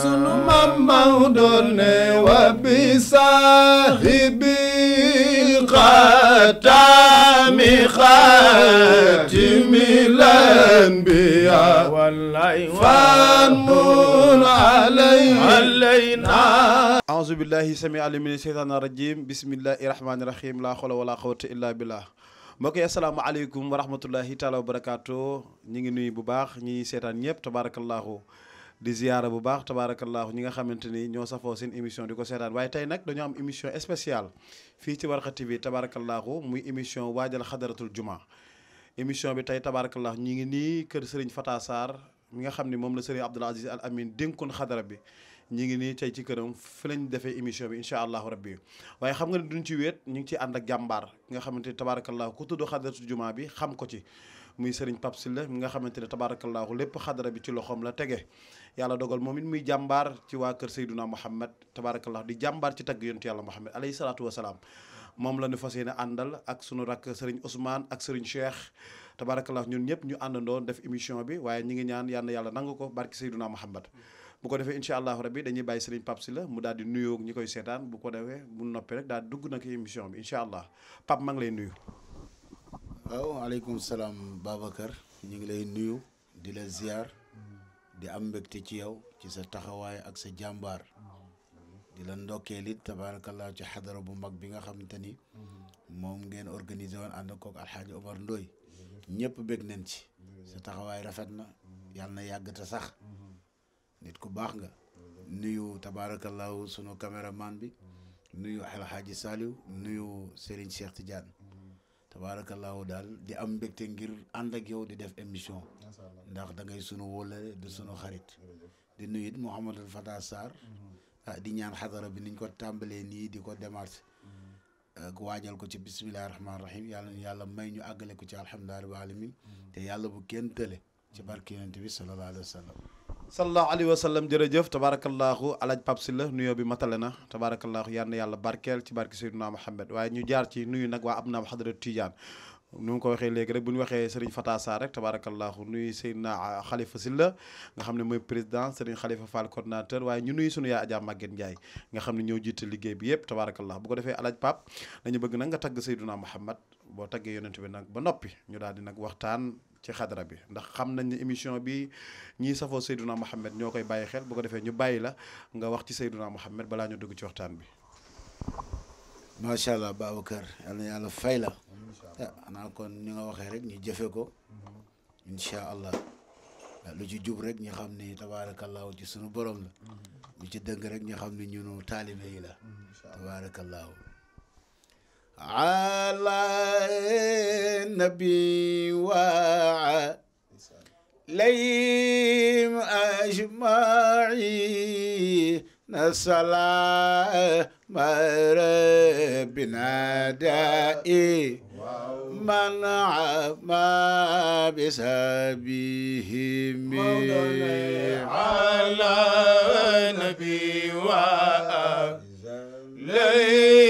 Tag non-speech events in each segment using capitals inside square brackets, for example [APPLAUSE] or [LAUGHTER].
sunu mamam doon ne wa bi saaxibi xaataami xaatimi lambiya fan mun alayna aouzu billahi sami alim min seytaan rajim bismillahi rahmaani rahim laa xoola wala xawata illa billah mbokk yi asalaamaaleykum wa rahmatullahi taala wa barakaatu ñu ngi nuyu bu baax ñi seetaan ñëpp tabaarakallaahu di ziyaara bu baax tabaarakallaahu ñi nga xamante ni ñoo safoo seen émission di ko seetaan waaye tey nag dañoo am émission spéciale fii ci Warkha TV tabaarakallaahu muy émission waajal xadaratul juma émission bi tey tabaarakallaahu ñi ngi nii kër Serigne Fata Sarr mi nga xam ni moom la Serigne Abdoul Aziz Al Amin dénkoon xadara bi ñi ngi nii tey ci këram fi lañ defee émission bi incha allahu rabbi waaye xam nga ne duñ ci wéet ñu ngi ci ànd a jàmbaar nga xamante ni tabaarakallaahu ku tudd xadaratul juma bi xam ko ci muy sëriñ pap sille mi nga xamante tabarakallah lepp xadara bi ci loxom la tege yalla dogal moom muy jambar ci wa keur sayyiduna muhammad tabarakallah di jambar ci tag yontu yalla muhammad alayhi salatu wassalam mom la ñu fas andal ak sunu rak sëriñ Ousmane ak sëriñ Cheikh tabarakallah ñun ñu andando def émission bi waye ñi ngi ñaan yalla yalla nang ko barki sayyiduna muhammad bu ko defé inshallah rabbi dañuy bàyyi serigne pap Sylla mu dal di ak ñi koy sétane bu ko defee bu noppé rek dal dugg nak bi inshallah allah Pape lay nuyu waaw aleykum salaam Babacar ñu ngi lay nuyu di la ziar di am mbégte ci yow ci sa taxawaay ak sa jàmbaar di la ndokkeel it tabaarakallaa ci xadara bu mag bi nga xamante ni moom ngeen organisé ànd kook Alxaaji Omar Ndoy ñëpp bég nañ ci sa taxawaay rafet na yàlla na yàgg sax nit ku baax nga nuyu tabaarakallaa sunu caméraman bi nuyu Alxaaji Saliou nuyu Serigne Cheikh tijaan tabaarakallaahu daal di am mbégte ngir ànd ak yow di def émission ndax da ngay sunu wóllare di sunu xarit di nuyu it Mouhamadul Fatah Sarr mhm. ah di ñaan xadara bi niñ ko tàmbalee nii di ko démarché mhm. ak ah, waajal ko ci bisimilah rahmaani rahim yàlla na yàlla may ñu àggale ko ci alhamdulilah rabbil alamin mhm. te yàlla bu kenn tële ci barke yonent bi sallallahu alayhi sallallahu alayhi wa sallam jërëjëf tabaarakallaahu alaaj Pape Sylla nuyoo bi matale na tabaarakallaahu yal na yàlla barkeel ci barke Seydina Muhammad waaye ñu jaar ci nuyu nag waa ab naam xadara Tijaan nu mu ko waxee léegi rek bu ñu waxee Serigne Fata Sarr rek tabaarakallaahu nuyu Seydina ah, Khalifa Sylla nga xam ne mooy président Serigne Khalifa Fall coordonnateur waaye ñu nuyu sunu yaay Adja Maguette Ndiaye nga xam ne ñoo jiite liggéey bi yëpp tabaarakallaahu bu ko defee alaaj Pape dañu bëgg nag nga tagg Seydina Muhammad boo taggee yonent bi nag ba noppi ñu daal di nag waxtaan ci xadara bi ndax xam nañ ne émission bi ñiy safoo Seydouna Mohamed ñoo koy bàyyi xel boo ko defee ñu bàyyi la nga wax ci Seydouna Mohamed balaa ñu dugg ci waxtaan bi. macha allah Babacar yal yàlla fay la. xanaa kon ñu nga waxee rek ñu jëfe ko. incha allah lu ci jub rek ñi xam ni tabaarakallaahu ci suñu borom la. lu ci dëng rek ñu xam ni ñunu taalibe yi la. tabaarakallaahu على النبي أجمعي أجمعين ما ربنا دائي من عما بسبيه على النبي وآله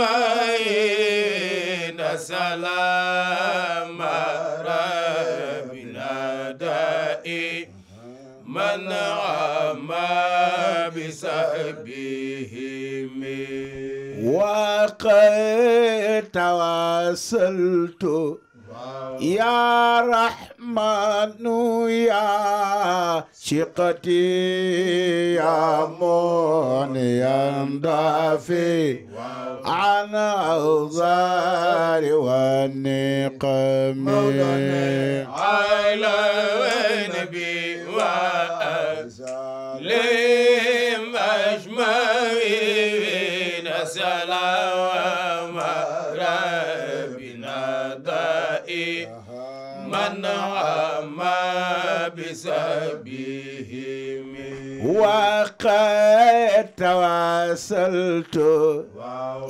أجمعين سلام ربنا دائي من عم بسبهم وقد تواصلت يا رحمن يا شقتي يا من يندفي عن الزار والنقم على النبي وأسلم أجمعين سلام من عم بسبيهم وقد تواصلت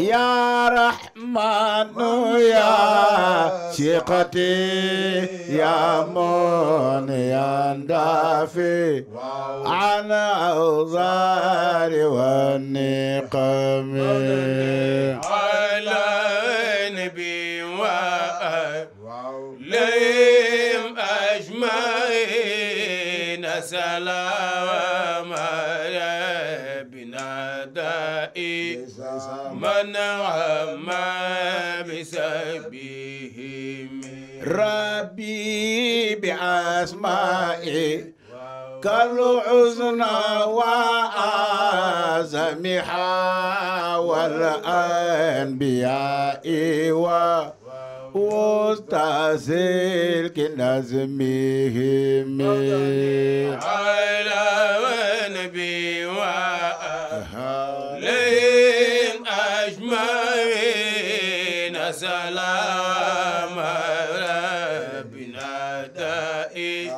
يا رحمن يا شقتي يا من يا دافي عن أوزار والنقم سلام ربنا دائي من هم بسبيه ربي بأسمائي كالعزنى وأعظمها والأنبياء و مستسير مهمي على ونبي وأهلين أجمعين سلام ربنا دائم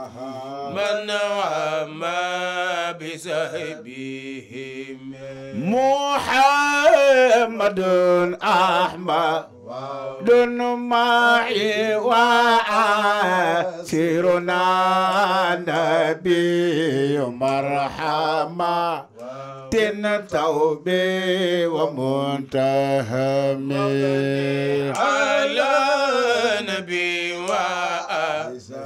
من وما نعم بسهبهم محمد أحمد دون معي وآسرنا نبي مرحما تن توبي ومنتهمي على نبي وآسلم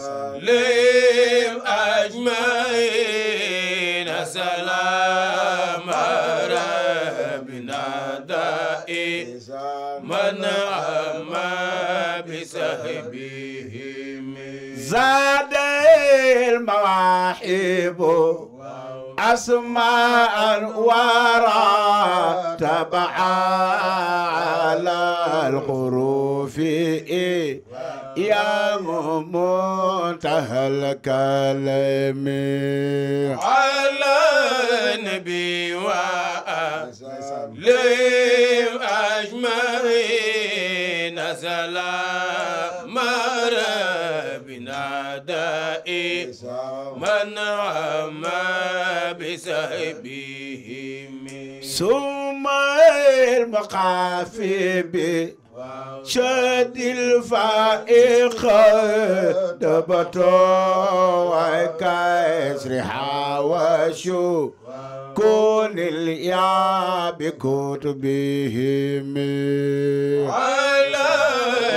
أجمعين بهم زاد المواحب أسماء ورا تبع على الحروف يا منتهى الكلام على النبي وآله أجمعين سلام ونعم بسهبهم ثم المقع في شد الفائق دبتو وكسرها حواشو كون اليا بكتبهم على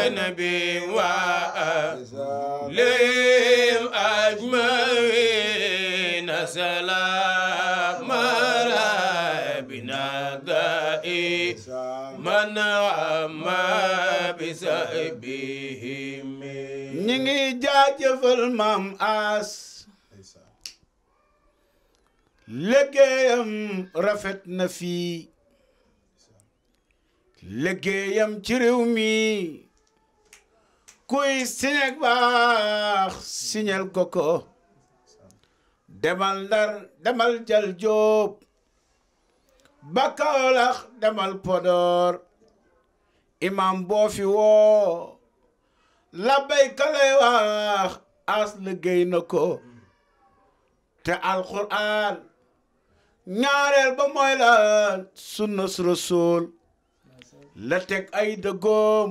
نبي وآلهم أجمعين سلام ربنا دائي من عما بسائبه من نيجي جاج في المام أس لجيم رفت نفي لجيم تريومي كوي سينيك باخ سينيال كوكو demal ndar demal jal jóob ba kaolax demal podor imam boo fi woo labay kalay wax as liggéey na ko te alquran ñaareel ba mooy la sunnas rasul la teg ay dëggoom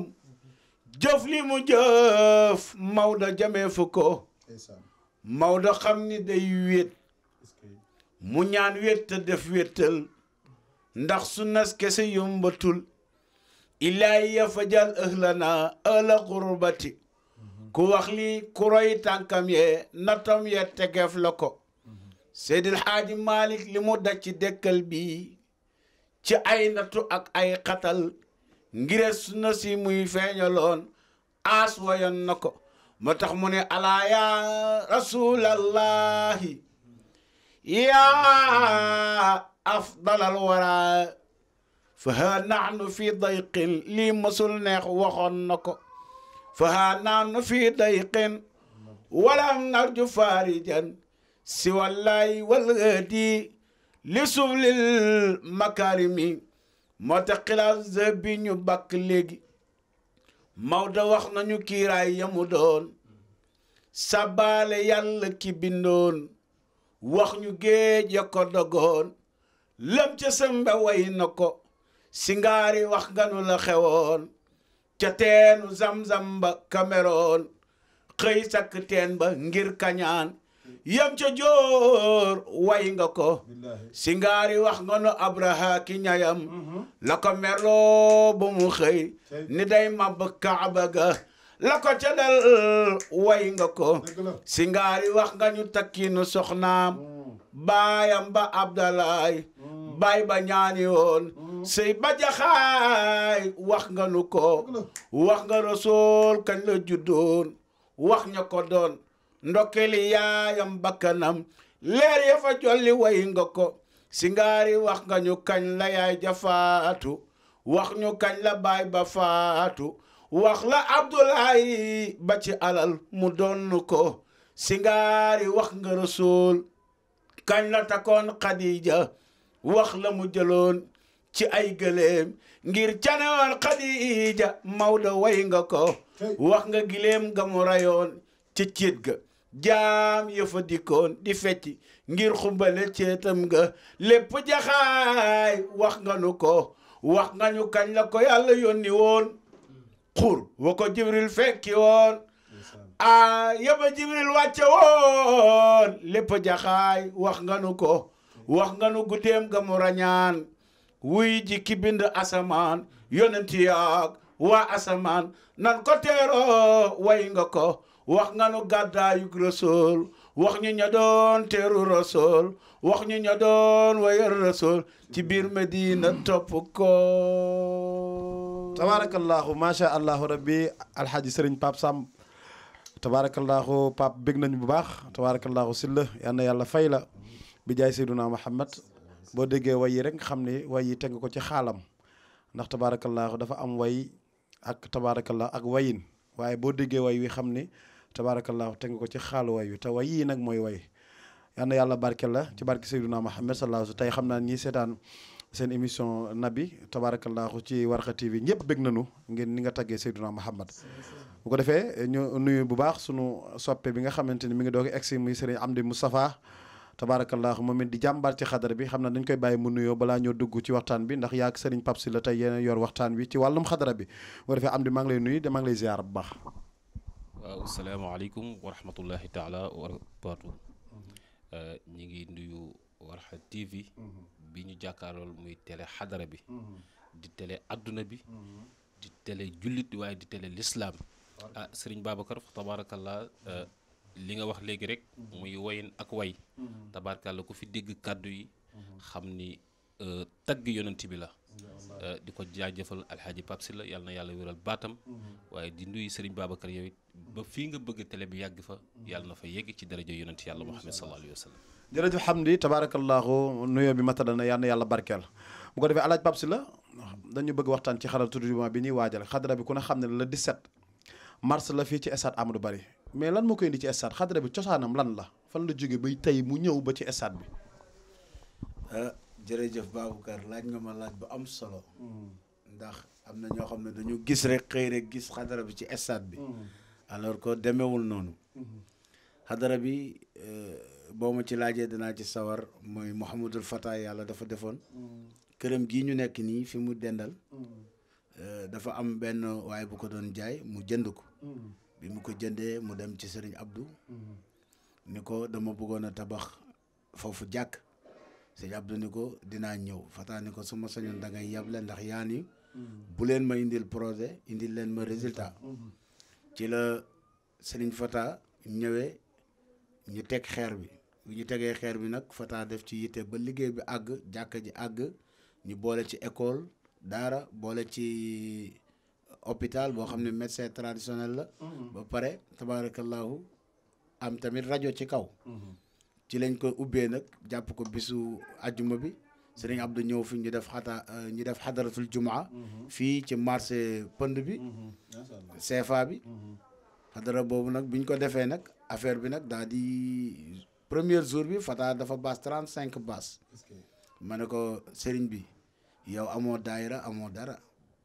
jëf li mu jëf Maodo jamee fu ko Maodo xam ni day wéet mu ñaan wéet te def wéetal ndax sunna kese yombatul ilaay ya fajal ëhlana ëla xurbati ku wax ku roy tànkam yee natam yee tegeef la ko Seydil Xaaji Malik li mu daj ci dëkkal bi ci ay nattu ak ay xatal ngir sunna si muy feeñaloon aas wayoon na ko moo tax mu ne alaa yaa rasulallahi yaa afdal al wara fa haa naxnu fi dayqin lii mësul neex waxoon na ko fa haa naxnu fi dayqin walam narju farijan si wallahi walhadi li sublil makarimi moo tax xilaas bi ñu bakk léegi Maodo wax nañu kiiraay yamu doon sabaale yàlla ki wax ñu géej ya ko dogoon lëm ca sëmba way na ko singaari wax nga la xewoon ca teenu zam-zam ba Cameroon xëy sakk teen ba ngir kañaan yam ca joor way nga ko singaari wax nga nu abraha ki ñayam mhm. la ko merloo bu mu xëy ni day màbb kaaba ga la ko ca dal way nga ko singaari wax nga ñu takkinu soxnaam mhm. baayam ba abdalaay mhm. baay ba ñaani woon sëy ba jaxaay wax nu ko wax nga rasool kañ la juddoon wax ña ko doon ndokkeli yaayam bakkanam leer ya jolli way nga ko singaari wax nga ñu kañ la yaay ja faatu wax ñu kañ la baay ba faatu wax la abdoulaye ba ci alal mu doon ko singaari wax nga rasul kañ la takkoon xadija wax la mu jëloon ci ay gëléem ngir canewal xadija mawdo way nga ko wax nga giléem nga mu rayoon ci ciit ga jaam yëfa di fecci ngir xumbale ceetam nga lépp jaxaay wax nga ko wax nga ñu kañ la ko yàlla yónni woon xur wa ko jibril fekki woon a yëba jibril wàcce woon lépp jaxaay wax nganu ko wax nganu nu guddeem nga mu rañaan wuy ji ki bind asamaan yonent yaag waa asamaan nan ko teeroo way nga ko wax nga nu gàddaayug rasool wax ñu ña doon teeru rasool wax ñu ña doon wayal rasool ci biir Medina topp ko. tabaarakallaahu macha allahu rabbi alxaaji sëriñ Pape Samb tabaarakallaahu Pape bég bu baax tabaarakallaahu silla yal yàlla fay la bi jaay Seyduna Muhammad boo déggee way yi rek xam ne wayi yi ko ci xaalam ndax tabaarakallaahu dafa am way ak tabaarakallaahu ak wayin waaye boo déggee way wi xam ni tabaarakallaahu teg nga ko ci xaal way wi te way yii nag mooy way yal na yàlla barke la ci barke Seydina Muhammad sa alayhi tey xam naa ñii seetaan seen émission nabi tabaarakallaahu ci Warkha TV ñëpp bég nañu ngeen ni nga taggee Seydina Muhammad bu ko defee ñu nuyu bu baax sunu soppe bi nga xamante ni mi ngi doog a egsi muy Serigne Amdi Moustapha tabaarakallaahu moom it di jàmbaar ci xadara bi xam na dañ koy bàyyi mu nuyoo balaa ñoo dugg ci waxtaan bi ndax yaag Serigne p Sylla la tey yéen yor waxtaan wi ci wàllum xadara bi bu ko defee Amdi lay nuyu de lay ziar bu baax waaw salaamaaleykum wa rahmatullahi taala wa barakaatu ñi ngi nuyu Warkha TV bi ñu jàkkaarool muy télé xadara bi di télé adduna bi di télé jullit waaye di télé lislaam ah sëriñ Babacar tabaarakallaa li nga wax léegi rek muy wayin ak way tabaarakallaa ku fi dégg kàddu yi xam ni tagg yonent bi la Euh, di ko jaajëfal alxaaji Pape Sylla yàlla na yàlla wéral baatam mm-hmm. waaye di nuyu Serigne Babacar yow it ba fii nga bëgg tele bi yàgg fa mm-hmm. yàlla na fa yegg ci daraja yonent yàlla Muhammad sallallahu alayhi wa sallam jërëjëf Hamdi tabaarakallaahu nuyoo bi matal na yàlla na yàlla barkeel bu ko defee alaaji Pape Sylla dañu bëgg waxtaan ci xadara tourisme bi ñuy waajal xadara bi ku ne xam ne le 17 mars la fii ci stade Amadou bari mais lan moo koy indi ci stade xadara bi cosaanam lan la fan la jóge bay tey mu ñëw ba ci bi euh, jërëjëf Babacar laaj nga ma laaj bu am solo. Hmm. ndax am na ñoo xam ne dañu gis rek xëy rek gis xadara bi ci stade bi. Hmm. alors que demewul noonu. Hmm. xadara bi euh, boo ma ci laajee dinaa ci sawar mooy Mouhamadul Fata yàlla dafa defoon. këram gii ñu nekk nii fi mu dendal. Euh, dafa am benn waaye bu ko doon jaay mu jënd ko. bi mu ko jëndee mu dem ci sëriñ abdu ni ko dama bëggoon a tabax foofu jàkk. sëñ Abdou ni ko dinaa ñëw Fata ni ko su ma sañoon mm. da ngay yable ndax yaa ni mm. bu leen ma indil projet indil leen ma résultat mm. ci la Serigne Fata ñëwee ñu teg xeer bi bu ñu tegee xeer bi nag Fata def ci yitte ba liggéey bi àgg jàkka ji àgg ñu boole ci école daara boole ci hôpital boo xam ne médecin traditionnel la mm-hmm. ba pare tabaarakallaahu am tamit rajo ci kaw mm-hmm. ci lañ ko ubbee nag jàpp ko bisu ajjuma bi sëriñ Abdou ñëw fi ñu def xata euh, ñu def xadaratul jumaa mm-hmm. fii ci marché pënd bi CFA mm-hmm. bi mm-hmm. xadara boobu nag biñ ko defee nag affaire bi nag daal di premier jour bi Fata dafa baas trente cinq baas ma ne ko sëriñ bi yow amoo daayira amoo dara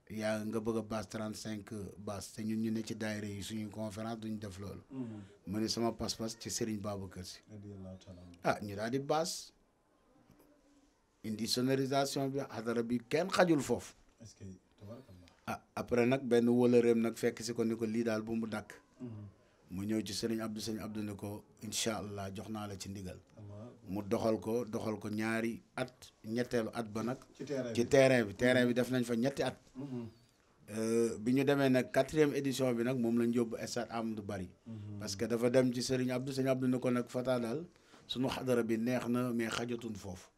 yaa nga bëgg a base trente cinq base te ñu ñu ne ci daayira yi suñu conférence duñ def loolu. Mm-hmm. ma ne sama pas-pas ci Serigne Babacar Sy. ah ñu daal di base indi sonorisation bi xadara bi kenn xajul foofu. ah après nag benn wóolareem nag fekk si ko ni ko lii daal bu mu dakk mm-hmm. mu ñëw ci sëriñ Abdou Serigne Abdou ne ko incha allah jox naa la ci ndigal. mu doxal ko doxal ko ñaari at ñetteelu at ba nag. ci terrain bi terrain bi def nañ fa ñetti at. Mhm. Euh, bi ñu demee nag quatrième édition bi nag moom lañ yóbbu stade Amadou Barry. Mhm. parce que dafa dem ci Serigne Abdou Serigne Abdou ne ko nag Fata su sunu xadara bi neex na mais xajatun foofu.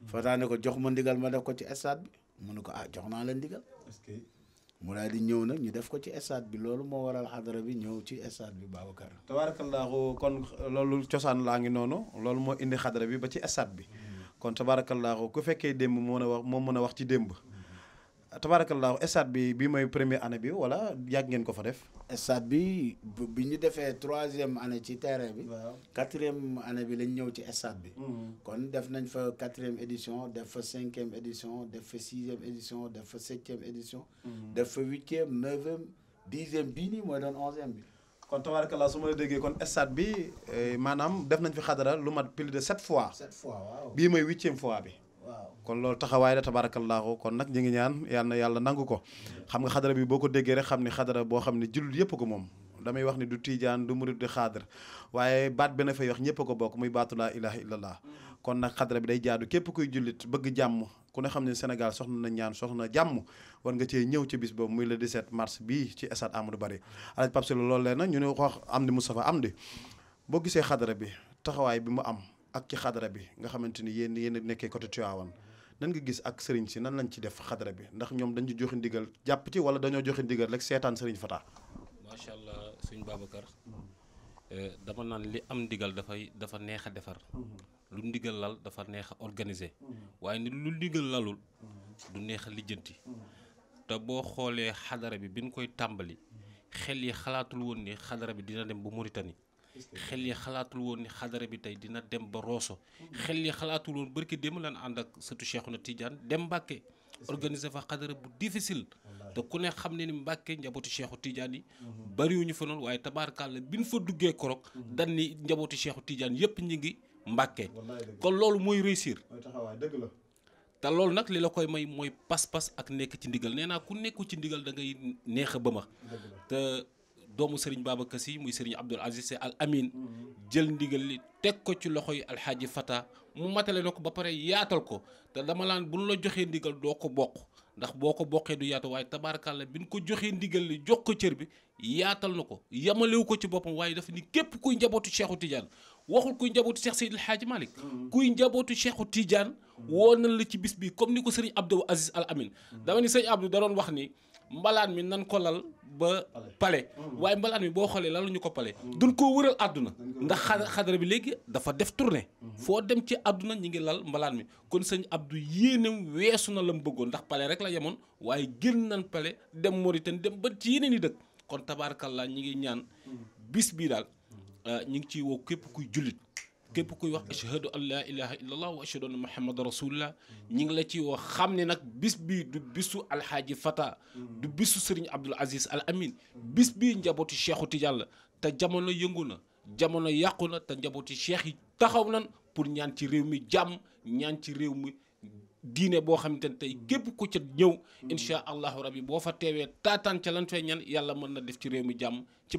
Mhm. Fata ne ko jox ma ndigal ma def ko ci stade bi mu ko ah jox naa la ndigal. mu daal di ñëw nag ñu def ko ci stade bi loolu moo waral xadara bi ñëw ci stade bi Babacar. tabaarakallaahu kon loolu cosaan laa ngi noonu loolu moo indi xadara bi ba ci stade bi mm. kon tabaarakallaahu ku fekkee démb moo mën a wax moo mën a wax ci démb. tabarakallah stade bi bi première année bi ko fa def. troisième année ci bi. quatrième année bi ñëw ci bi. Mhm. quatrième édition def cinquième édition def sixième édition def septième édition. Mhm. def fa la neuvième dixième 10 onzième bi. la kon bi de sept fois. fois huitième fois kon loolu taxawaay la tabaarakallaahu kon nag ñu ngi ñaan yal na yàlla nangu ko xam nga xadara bi boo ko déggee rek xam ni xadara boo xam ne jullit yëpp ko moom damay wax ni du tiijaan du murit di xaadar waaye baat bi na fay wax ñëpp a ko muy baatu laa ilaha illallah kon nag xadara bi day jaadu képp kuy jullit bëgg jàmm ku ne xam ne Sénégal soxna na ñaan soxna jàmm war nga cee ñëw ci bis boobu muy di 17 mars bi ci stade Amadou Barry alaaj Pape Sylla loolu leen na ñu ne wax Amdy am di boo gisee xadara bi taxawaay bi mu am ak ci xadara bi nga xamante ni yéen yéen nekkee côté Tivaouane nan nga gis ak sëriñ si nan lañ ci def xadara bi ndax ñoom dañu joxe ndigal jàpp ci wala dañoo joxe ndigal rek seetaan sëriñ Fata. macha allah suñ Babacar eh, dama naan li am ndigal dafay dafa neex a defar. lu ndigal lal dafa neex a organiser. waaye nit lu ndigal lalul. du neex a lijjanti. te boo xoolee xadara bi biñ koy tàmbali. xel yi xalaatul woon ni xadara bi dina dem ba Mauritanie. xel yi xalaatul woon ni xadara bi tey dina dem ba Rosso xel yi xalaatul woon barki démb lan ànd ak sëtu na Tidiane dem Mbàkke organiser fa xadara bu difficile te ku ne xam ne ni Mbàkke njabootu Cheikhu Tidiane yi bariwuñu fa noonu waaye tabaarkàlla bi ñu duggee korog dan ni njabootu Cheikhu Tidiane yëpp ñu ngi Mbàkke kon loolu mooy réussir dëgg la te loolu nag li la koy may mooy pas-pas ak nekk ci ndigal nee naa ku nekku ci ndigal da ngay neex a ba ma doomu sëriñ Babacar Sy muy sëriñ Abdoul Aziz Sy Al Amin jël ndigal li teg ko ci loxo yi alxaaji Fata mu matale na ko ba pare yaatal ko te dama laan bu la joxee ndigal doo ko bokk ndax boo ko bokkee du yaatu waaye tabaarkàlla bi nu ko joxee ndigal li jox ko cër bi yaatal na ko yamalewu ko ci boppam waaye dafa ni képp kuy njabootu Cheikhu Tidiane waxul kuy njabootu Cheikh Seydil Hadji Malick mm-hmm. kuy njabootu Cheikhu Tidiane mm-hmm. woo na la ci bis bi comme ni ko sëriñ Abdoul Aziz Al Amin dama ni sëriñ Abdou da wax ni mbalaan mi nan ko lal ba pale mm. waaye mbalaan mi boo xoolee lu ñu ko pale mm. duñ koo wëral àdduna ndax xadara bi léegi dafa def tournée mm-hmm. foo dem ci àdduna ñi ngi lal mbalaan mi kon sëñ Abdou yéenem weesu na la mu bëggoon ndax pale rek la yemoon waaye génn nan pale dem Mauritanie dem ba ci yeneen i dëkk kon tabaarkalla ñi ngi ñaan mm. bis bii daal euh, ñi ngi ciy woo képp kuy jullit كيف كوي واخ اشهد ان لا اله الا الله واشهد ان محمد رسول الله نيغ لا تي واخ خامني نك بيس بي دو بيسو الحاج فتا دو بيسو سيرن عبد العزيز الامين بيس بي نجابوتي شيخو تيال تا جامونو ييغونا جامونو ياقونا تا نجابوتي شيخي تاخاو نان بور نيان تي ريومي جام نيان تي ريومي diine boo xam ne tey képp ku ca ñëw incha allahu rabbi boo fa teewee taataan ca lan fay ñan yàlla mën na def ci réew mi jàmm ci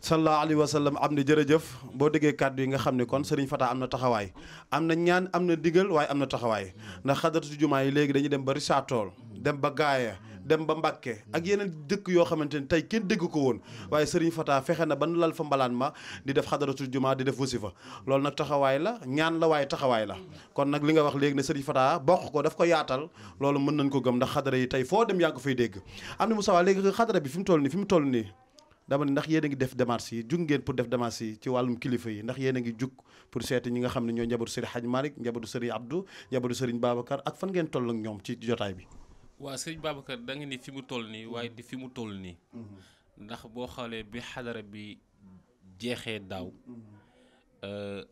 sallallahu alayhi wa sallam am na jërëjëf boo déggee kàddu yi nga xam ne kon Serigne Fata am na taxawaay am na ñaan am na digal waaye am na taxawaay ndax xadaratu jumaa yi léegi dañu dem ba Richard-Toll dem ba Gaaya dem ba Mbàkke ak yeneen dëkk yoo xamante ni tey kenn dégg ko woon waaye Serigne Fata fexe na ban lal fa mbalaan ma di def xadaratu jumaa di def wasifa loolu nag taxawaay la ñaan la waaye taxawaay la kon nag li nga wax léegi ne Serigne Fata bokk ko daf ko yaatal loolu mën nañ ko gëm ndax xadara yi tey foo dem yaa ngi ko fay dégg am na Moussa léegi xadara bi fi mu toll nii fi mu toll nii dama ndax yéen ngi def démarche yi put ngeen pour def démarche yi ci walum kilifa yi ndax yéen ngi juk pour seeti ñi nga xamni ñoo njabootu serigne Hadj malik njabootu serigne Abdou njabootu serigne Babacar ak fan ngeen toll ak ñom ci jotaay bi wa serigne Babacar da nga ni fi mu toll ni waaye di fi mu toll ni mm-hmm. ndax bo xalé bi hadara bi mm-hmm. euh daaw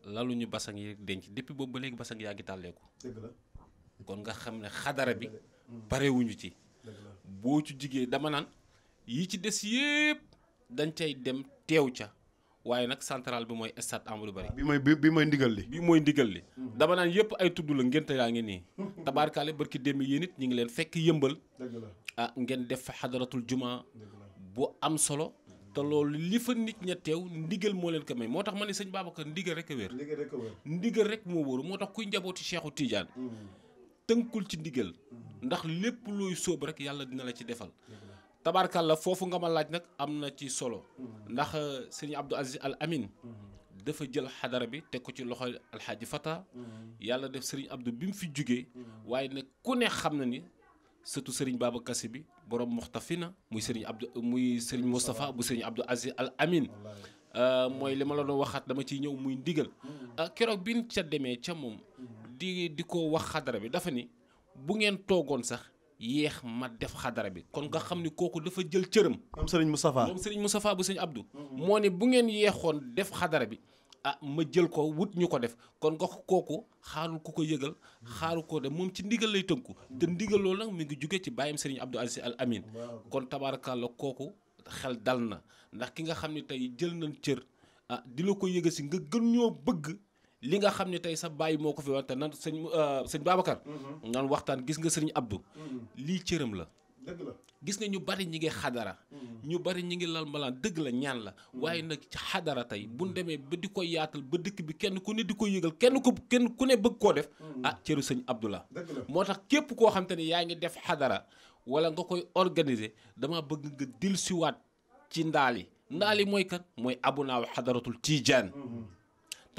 laluñu basang yi denc depuis bobu ba légui basang kon nga xamné hadara bi mm-hmm. paré wuñu ci bo ci jigé dama nan yi ci dess yépp dañ cay dem teew ca waaye nag central bi mooy stade Amadou Barry. bi mooy bi mooy ndigal li. mooy ndigal li. dama naan yëpp ay tudd la ngénte yaa ngi nii. [LAUGHS] tabaarkaale barki démb yéen it ñu ngi leen fekk yëmbal. ah ngeen def fa xadaratul jumaa bu am solo. te loolu li fa nit ña teew ndigal moo leen ko may moo tax ma ne sëñ Babacar ndigal rek a wér. ndigal rek a wér ndigal rek moo wóor moo tax kuy njabooti Cheikhou Tidiane. Mm. tënkul ci ndigal. Mm. ndax lépp luy sóob rek yàlla dina la ci defal. la foofu nga ma laaj nag am na ci solo ndax euh, sëriñ Abdou Aziz Al Amin dafa jël xadara bi teg ko ci loxo alxaaji Fata yàlla def sëriñ Abdou bi mu fi jugee waaye nag ku ne xam na ni surtout sëriñ Babacar Sy bi borom na muy sëriñ Abdou muy sëriñ Moustapha bu sëriñ Abdou Aziz Al Amin euh, mooy li ma la doon waxaat dama ciy ñëw muy ndigal euh, keroog bi ca demee ca moom di di ko wax xadara bi dafa ni bu ngeen toogoon sax yéex ma def xadara bi kon nga xam ni kooku dafa jël cëram. moom Serigne Moustapha moom Serigne Moustapha bu Serigne Abdou. moo ne bu ngeen yeexoon def xadara bi ah ma jël ko wut ñu ko def kon nga kooku xaarul ku ko yëgal xaarul ko def moom ci ndigal lay tënku te ndigal loolu nag mi ngi jugee ci bàyyam Serigne Abdou Aziz Al Amin kon tabaarakàlla kooku xel dal na ndax ki nga xam ne tey jël nañ cër ah di la ko yëgal si nga gën ñoo bëgg. li nga xam ne tey sa bàyyi moo ko fi wante nan sëñ euh, sëñ Babacar. Mhm. nan waxtaan gis nga sëriñ Abdou. Mhm. lii cëram la. gis nga ñu bari ñi ngi xadara. Mhm. ñu bari ñi ngi lal malaan dëgg la ñaan la. waaye nag ci xadara tey bu ñu demee ba di ko yaatal ba dëkk bi kenn ku ne di ko yëgal kenn ku kenn ku ne bëgg koo def. ah cëru sëñ Abdou la. moo tax képp koo xam te ne yaa ngi def xadara wala nga koy organiser dama bëgg nga dellusiwaat ci ndaal yi ndaal yi mooy kan mooy abunaaw xadaratul tiijaan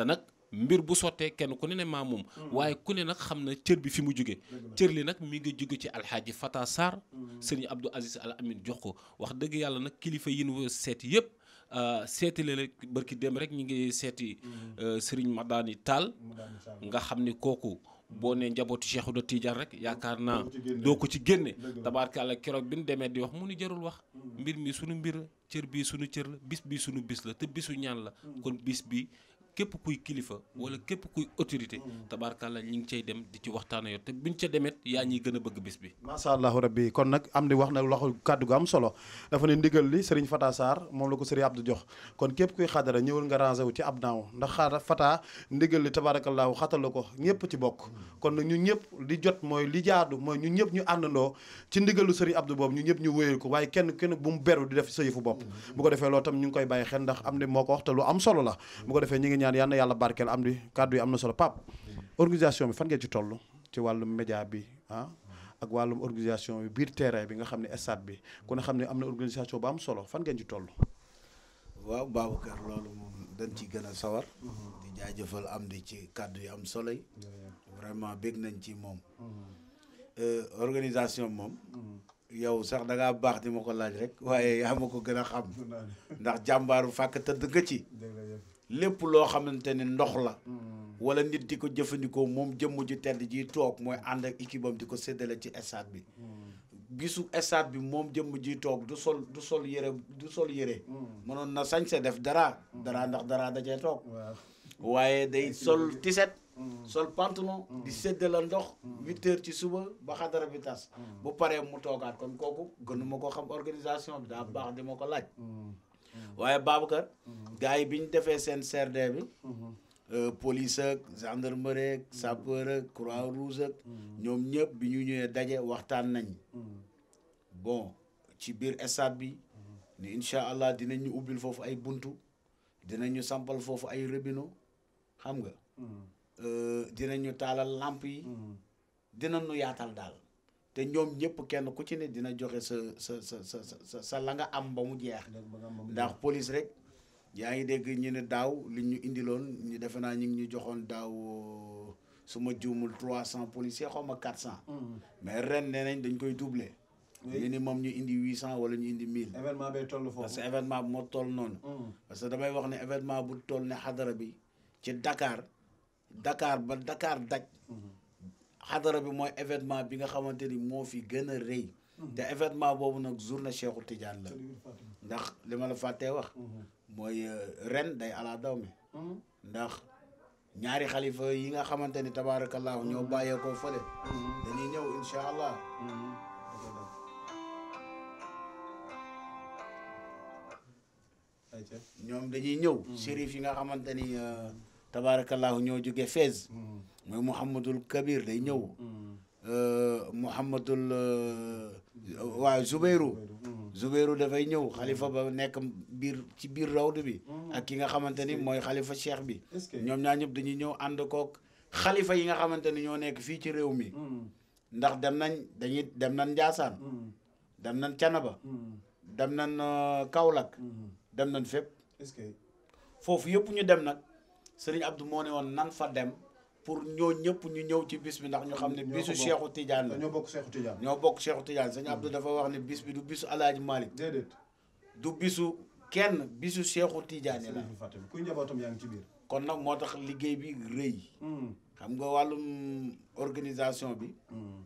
nag. mbir bu sottee kenn ku ne ne maa moom mm. waaye ku ne nag xam na cër bi fi mu jóge cër li nag mi ngi jóge ci alxaaji Fata Sarr mm. sëriñ Abdou Aziz Al Amin jox ko wax dëgg yàlla nag kilifa yi nu seet yëpp seeti euh, la rek ki dem rek ñu ngi seeti mm. euh, sëriñ Madani taal nga xam ni kooku boo nee njabootu Cheikh Oudou Tidiane rek yaakaar naa doo ko ci génne tabaarkalla keroog bi nu demee di wax mu ni jarul wax mbir mi sunu mbir cër bii sunu cër la bis bii sunu bis la te bisu ñaan la kon bis bi képp kuy kilifa wala képp kuy autorité tabaarkàlla ñi ngi cay dem di ci waxtaan yow te buñ ca demet yaa ñuy gën a bëgg bis bi macha allahu rabbi kon nag am di wax na loxo kàddu gu am solo dafa ne ndigal li sëriñ Fata Sarr moom la ko sëriñ Abdou jox kon képp kuy xadara ñëwal nga rangé wu ci ab naaw ndax xaar Fata ndigal li tabaarakallaahu xatal la ko ñëpp ci bokk kon nag ñu ñëpp li jot mooy li jaadu mooy ñu ñëpp ñu àndandoo ci ndigalu sëriñ Abdou boobu ñu ñëpp ñu wéyal ko waaye kenn kenn bu mu beru di def sa yëfu defee ñu ngi koy bàyyi xel ndax am moo ko wax te lu la ñaan yal na yàlla barkeel am di kàddu yi am na solo Pape organisation bi fan ngeen ci toll ci wàllum média bi ah ak wàllum organisation bi biir terrain bi nga xam ne stade bi ku ne xam ni am na organisation bu am solo fan ngeen ci toll. waaw Babacar loolu moom dañ ci gën a sawar. di jaajëfal am di ci kàddu yi am yi. vraiment bég nañ ci moom. Euh, organisation moom. yow sax da ngaa baax di ma ko laaj rek waaye yaa ma ko gën a xam. ndax jàmbaaru fàkk tëdd nga ci. lépp loo xamante ne ndox la mm. wala nit di ko jëfandikoo moom jëmm ji tedd ji toog mooy ànd ak équipe di ko séddale ci stade bi mm. gisu stade bi moom jëmm ji toog du sol du sol yére du sol yére mm. mënoon na sañ sañse def dara dara ndax dara da toog waaye day sol tiset sol pantalon di séddale ndox huit ci suba ba xadara bi tas bu paree mu toogaat kon kooku gënuma ko xam organisation bi daa baax di ma ko laaj waaye Babacar. Mhm. gars yi bi ñu defee seen CRD bi. Mhm. Euh, police ak gendarmerie ak mhm. sapeur ak ñoom ñëpp bi ñu ñëwee daje waxtaan nañ. bon ci biir stade bi. ni incha allah dinañ ñu ubbil foofu ay buntu. dinañu sampal foofu ay robinet xam nga. Euh, dinañ ñu taalal làmp yi. dinañ yaatal daal. te ñoom ñëpp kenn ku ci ne dina joxe sa sa sa sa sa la nga am ba mu jeex ndax police rek yaa ngi dégg ñu ne daaw li ñu indi indiloon ñu defe naa ñu ngi ñu joxoon daaw su ma juumul trois cent policiers xaw ma quatre cent mm-hmm. mais ren nee nañ dañ koy doubler minimum ñu indi huit cent wala ñu indi mille événement bay toll foofu parce que moo toll noonu mm-hmm. parce que damay wax ne événement bu toll ne xadara bi ci Dakar Dakar ba Dakar daj mm-hmm. xadara bi mooy événement bi nga xamante ni moo fi gën a rëy te événement boobu nag journée Cheikhou Tidiane la ndax li ma la fàttee wax mooy ren day alaa dawme ndax ñaari xalifa yi nga xamante ni tabaarakallaahu ñoo bàyyeekoo fële dañuy ñëw incha allah ñoom dañuy ñëw shérif yi nga xamante ni tabaarakallaahu ñoo jóge Fès mooy Mouhamadul Kabir day ñëw Mouhamadul waaw Zubairu Zubairu dafay ñëw xalifa ba nekk biir ci biir rawdu bi ak ki nga xamante ni mooy xalifa cheikh bi ñoom ñaa ñëpp dañuy ñëw ànd kook xalifa yi nga xamante ni ñoo nekk fii ci réew mi ndax dem nañ dañuy dem nañ Njaasaan dem nañ Canaba dem nañ Kaolack dem nañ fépp foofu yëpp ñu dem nag sëriñ Abdou moo ne woon nan fa dem pour ñoo ñëpp ñu ñëw ci bis bi ndax ñu xam ne bisu Cheikhou Tidiane la ñoo bokk Cheikhou Tidiane ñoo bokk Cheikhou Tidiane sëriñ Abdou dafa ne bis bi du bisu Alaaji Malick déedéet du bisu kenn bisu Cheikhou Tidiane la kuy njabootam yaa ngi ci biir kon nag moo tax liggéey bi rëy hmm. xam nga wàllum organisation bi hmm.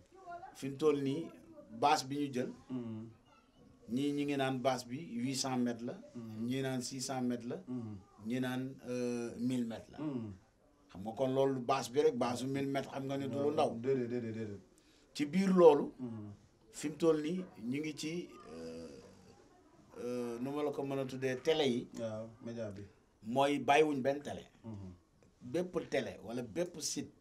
fi mu toll nii base bi ñu jël hmm. ñii ñi ngi naan base bi huit cent mètres la ñii naan six cent mètres la ñi naan 1000 euh, mètres la. Hmm. xam nga kon loolu baas bi rek baasu 1000 mètres xam nga ne du lu hmm. ndaw. déedéet déedéet déedéet. ci biir loolu. Hmm. fi mu toll nii ñu ngi ci euh, euh, nu ma la ko mën a tuddee tele yi. waaw média bi. mooy bàyyiwuñ benn télé. bépp télé wala bépp site.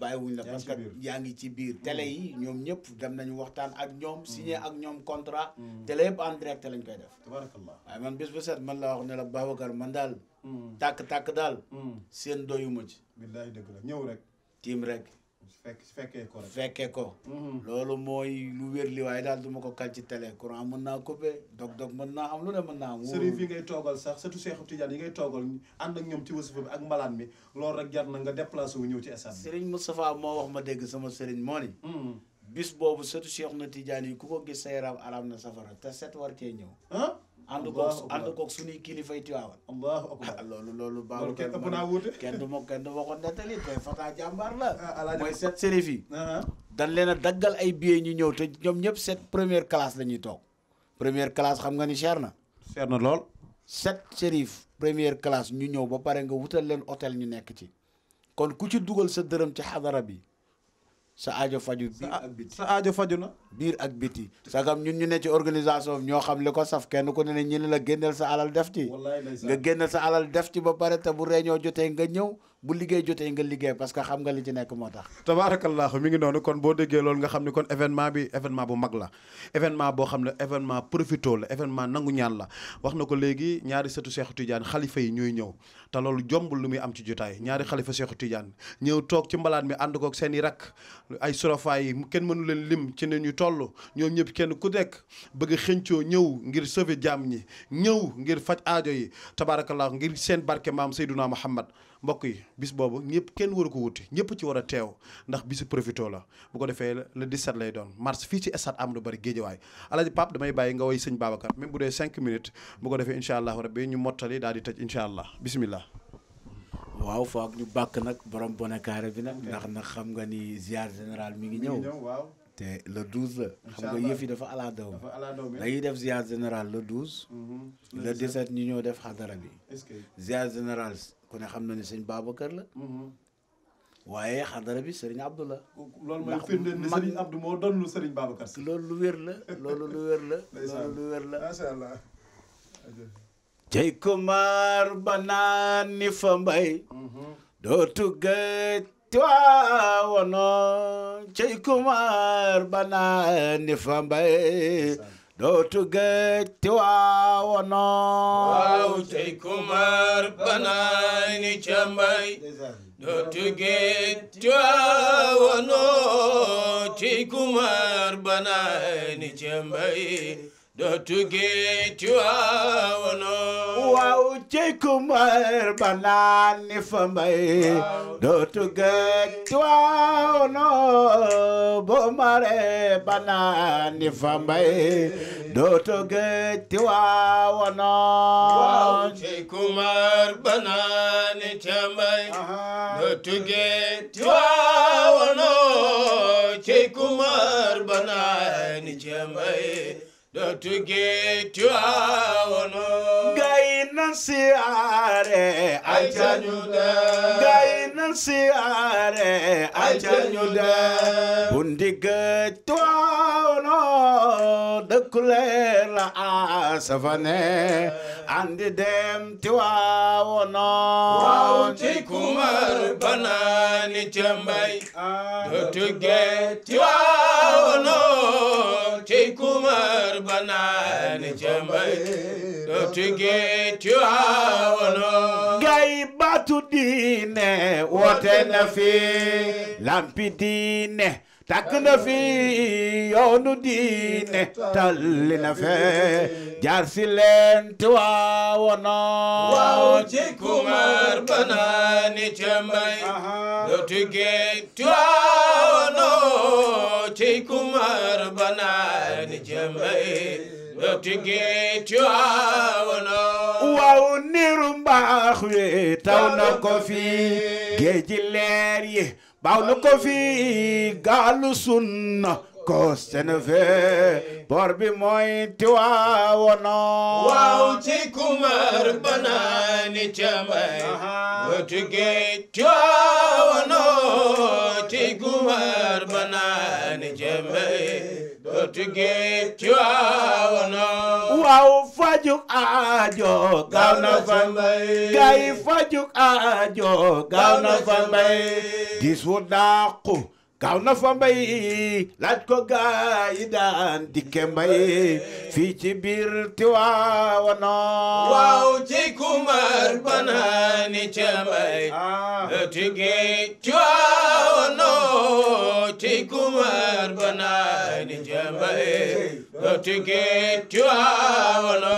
bàyyiwuñ la parce que yaa ngi ci biir mm. télé yi ñoom ñëpp dem nañu waxtaan ak ñoom mm. signé ak ñoom contrat mm. télé yëpp en direct lañ koy def tabarakallah waaye man bis bu set man la wax ne la Babacar man daal tàkk-tàkk daal seen doyuma ci billahi dëgg la ñëw rek tiim rek su fekkee ko fekkee ko. Mm-hmm. loolu mooy lu wér li waaye daal du ma ko kal ci télé courant mën naa coupé dog-dog mën naa am lu ne mën naa am. sëriñ fi ngay toogal sax surtout Cheikh Tidiane yi ngay toogal ànd ak ñoom ci wasifa bi ak mbalaan mi loolu rek jar na nga déplacé wu ñëw ci stade bi. sëriñ Moustapha moo wax ma dégg sama sëriñ moo ni. Mm-hmm. bis boobu surtout Cheikh na Tidiane yi ku ko gis sa yaram aram na safara te set war cee ñëw. ànd koog ànd koog suñuy kilifay Tiwaawan. allahu akbar [LAUGHS] loolu loolu baalu kenn ëpp naa wuute kenn du ma ko nettali koy fataa la. Ah, mooy sept sérif yi. Ah. dañ leen a daggal ay billets ñu ñëw te ñoom ñëpp set première classe la toog première classe xam nga ni cher na. cher na lool. sept sérif première classe ñu ñëw ba pare nga wutal leen hôtel ñu nekk ci kon ku ci dugal sa dërëm ci xadara bi. sa aajo faju sa aajo faju na biir ak biti sagam ñun ñu ne ci organisation bi ñoo xam li ko saf kenn ku ne ne ñi ne la génneel sa alal def ci nga génneel sa alal def ci ba pare te bu réunion jotee nga ñëw bu liggéey jotee nga liggéey parce que xam nga li ci nekk moo tax tabaarakallaahu mi ngi noonu kon boo déggee loolu nga xam ni kon événement bi événement bu mag la événement boo xam ne événement profito la événement nangu ñaan la wax na ko léegi ñaari sëtu Seexu Tijaan xalifa yi ñuy ñëw te loolu jombul lu muy am ci jotaay ñaari xalifa Seexu Tijaan ñëw toog ci mbalaat mi ànd kook seen i rak ay surafaay yi kenn mënu leen lim ci ne ñu toll ñoom ñëpp kenn ku dekk bëgg a ñëw ngir sauver jaam ñi ñëw ngir faj aajo yi tabaarakallaahu ngir seen barke maam Seydunaa Muhammad mbokk yi bis boobu ñëpp kenn waru ko wuti ñëpp ci war a teew ndax bisu profito la bu ko defee le 17 lay doon mars fii ci stade Amadou Barry Guédiawaye Alaaji Pape damay bàyyi nga woy sëñ Babacar même bu dee 5 minutes bu ko defee incha allah rabbi ñu mottali daal di tëj incha waaw foog ñu bàkk nag borom bonakaare bi nag ndax nag xam nga ni ziar général mi ngi ñëw te le 12 la xam nga yëf yi dafa ala daw dañuy def ziar général le 12 mhm. le 17 ñu ñëw def xadara bi ziar général ku ne xam na ne sëñ Babacar la. Mhm. waaye xadara bi sëriñ Abdou moo doon lu sëriñ Babacar si. loolu lu wér la loolu lu wér la. loolu lu banaan ni fa mbay. Mhm. dootu gëj waawono. cey kumar banaan ni fa mbay. nootu géej Tiwaawono waaw tey kumar banaay ni cambay nootu géej Tiwaawono tey kumar banaay ni cambay dootu géej Tiwaawono waaw cey kumar ba naan ni fa mbay dootu géej Tiwaawono boo mare ba naan ni fa mbay dootu géej Tiwaawono waaw cey kumar ba naan ni ca mbay dootu géej Tiwaawono cey kumar ba naan ni ca mbay dootu géej Tiwaawan gay nan siyaare ay ca ñu dem gay nan siyaare ay ca ñu dem bu ndigëj kuleer la asafane andi dem ti waawono waaw ti kumar banaani cambay dootu gee ti waawono ti kumar banaani cambay dootu gee ti waawono gay batu diine wote na fi lampi diine takk na fi yoonu diine talli na fee jaar si leen Tiwaawono waaw ci kumar banaani cembay dootu géej Tiwaawono ci kumar banaani cembay dootu géej taw na ko fi géeji leer yi bawlu ko fi gaalu sunna ko seneve bor bi mooy Tiwaawono waaw ci kumar banaani ca may ba tigee Tiwaawono waaw fajuk aajo gaaw na fan bay gay fajuk aajo gaaw na fan bay gis wu dàqu gaaw na fa mbay laaj ko gaay yi daan dikke mbay fii ci biir Tiwaawono waaw ci kumar banaani ca mbay ah. tige Tiwaawono ci kumar banaani ca mbay tige Tiwaawono